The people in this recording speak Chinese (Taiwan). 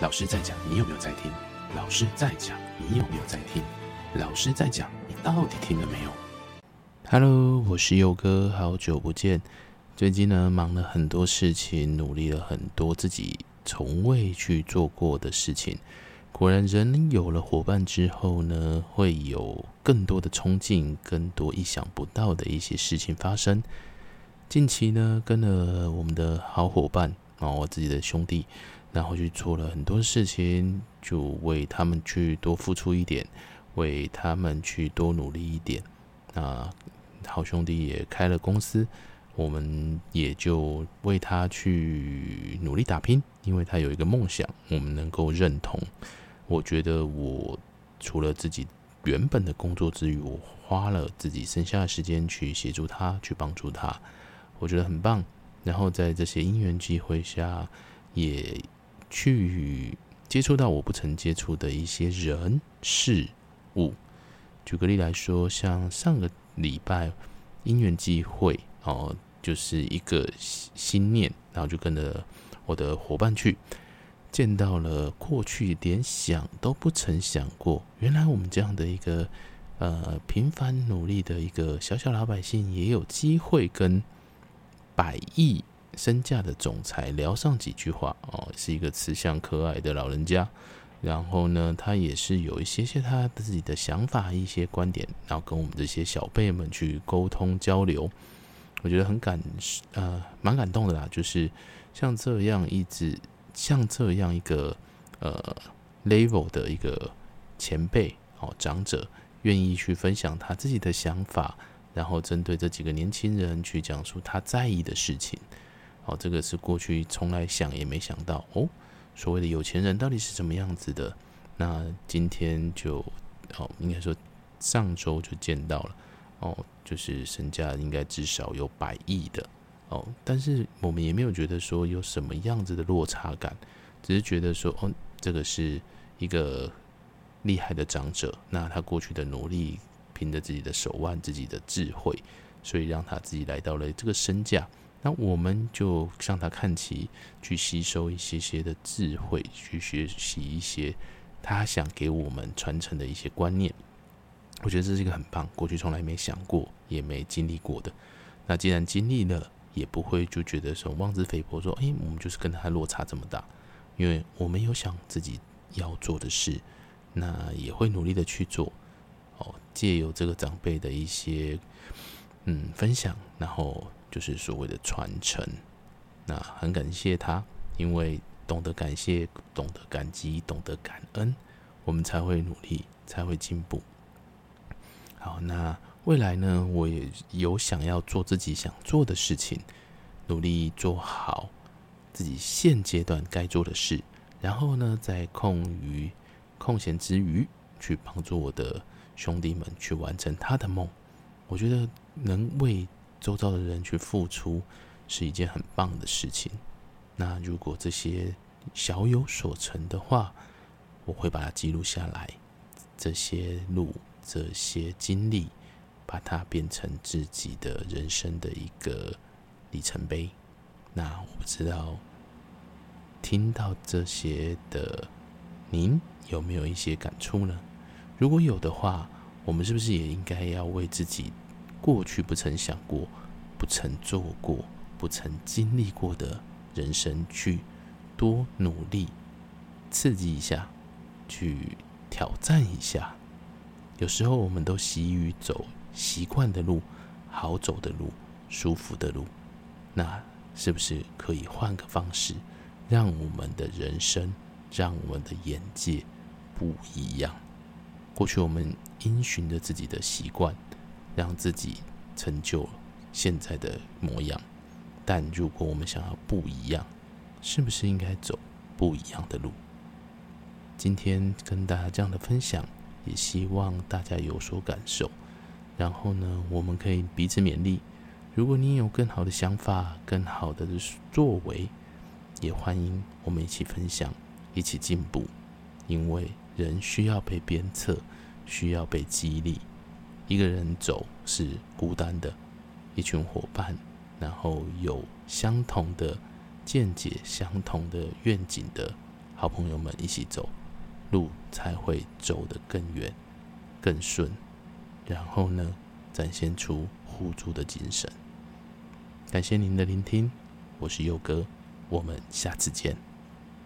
老師在講，你有沒有在聽？老師在講，你有沒有在聽？老師在講，你到底聽了沒有？Hello，我是佑哥，好久不見。最近呢，忙了很多事情，努力了很多自己從未去做過的事情。果然，人有了夥伴之後呢，會有更多的衝勁，更多意想不到的一些事情發生。近期呢，跟了我們的好伙伴。我自己的兄弟，然後去做了很多事情，就為他們去多付出一點，為他們去多努力一點。那好兄弟也開了公司，我們也就為他去努力打拼，因為他有一個夢想，我們能夠認同。我覺得我除了自己原本的工作之餘，我花了自己剩下的時間去協助他，去幫助他，我覺得很棒。然後在這些因緣機會下，也去接觸到我不曾接觸的一些人、事、物。舉個例來說，像上個禮拜因緣機會哦，就是一個心念，然後就跟着我的夥伴去見到了過去連想都不曾想過，原來我們這樣的一個呃平凡努力的一個小小老百姓，也有機會跟。百億身價的總裁聊上幾句話哦，是一個慈祥可愛的老人家。然後呢，他也是有一些些他自己的想法、一些觀點，然後跟我們這些小輩們去溝通交流。我覺得很感呃蠻感動的啦，就是像這樣一直像這樣一個呃 level 的一個前輩哦長者，願意去分享他自己的想法。然後針對這幾個年輕人去講述他在意的事情，哦，這個是過去從來想也沒想到哦，所謂的有錢人到底是什麼樣子的？那今天就哦，應該說上周就見到了哦，就是身價應該至少有百億的哦，但是我們也沒有覺得說有什麼樣子的落差感，只是覺得說哦，這個是一個厲害的長者，那他過去的努力。憑着自己的手腕、自己的智慧，所以讓他自己來到了這個身價。那我們就向他看齊，去吸收一些些的智慧，去學習一些他想給我們傳承的一些觀念。我覺得這是一個很棒，過去從來沒想過，也沒經歷過的。那既然經歷了，也不會就覺得說妄自菲薄，說、欸、誒我們就是跟他落差這麼大。因為我們有想自己要做的事，那也會努力的去做。借由這個長輩的一些嗯分享，然後就是所謂的傳承，那很感謝他，因為懂得感謝、懂得感激、懂得感恩，我們才會努力，才會進步。好，那未來呢，我也有想要做自己想做的事情，努力做好自己現階段該做的事，然後呢，在空餘、空閒之餘，去幫助我的。兄弟們去完成他的夢，我覺得能為周遭的人去付出是一件很棒的事情。那如果這些小有所成的話，我會把它記錄下來，這些路、這些經歷，把它變成自己的人生的一個里程碑。那我不知道聽到這些的您有沒有一些感觸呢？如果有的話，我們是不是也應該要為自己過去不曾想過、不曾做過、不曾經歷過的人生去多努力、刺激一下、去挑戰一下？有時候我們都習於走習慣的路、好走的路、舒服的路，那是不是可以換個方式，讓我們的人生、讓我們的眼界不一樣？過去我們因循着自己的習慣，讓自己成就現在的模樣。但如果我們想要不一樣，是不是應該走不一樣的路？今天跟大家這樣的分享，也希望大家有所感受。然後呢，我們可以彼此勉勵。如果你有更好的想法、更好的作為，也歡迎我們一起分享、一起進步，因為。人需要被鞭策，需要被激勵。一個人走是孤單的，一群夥伴，然後有相同的見解、相同的願景的好朋友們一起走，路才會走得更遠、更順。然後呢，展現出互助的精神。感謝您的聆聽，我是佑哥，我們下次見。